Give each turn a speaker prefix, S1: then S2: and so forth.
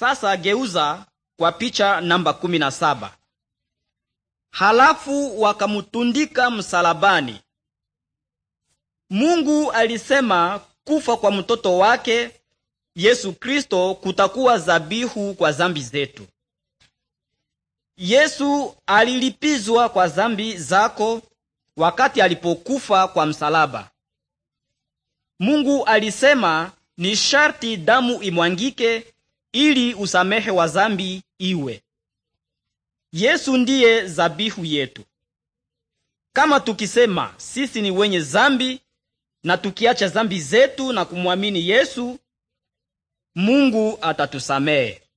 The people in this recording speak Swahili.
S1: Sasa geuza kwa picha namba saba. Halafu wakamtundika msalabani. Mungu alisema kufa kwa mtoto wake Yesu Kristo kutakuwa zabihu kwa zambi zetu. Yesu alilipizwa kwa zambi zako wakati alipokufa kwa msalaba. Mungu alisema ni sharti damu imwangike ili usamehe wa zambi iwe. Yesu ndiye zabihu yetu. Kama tukisema sisi ni wenye zambi na tukiacha zambi zetu na kumwamini Yesu, Mungu
S2: atatusamehe.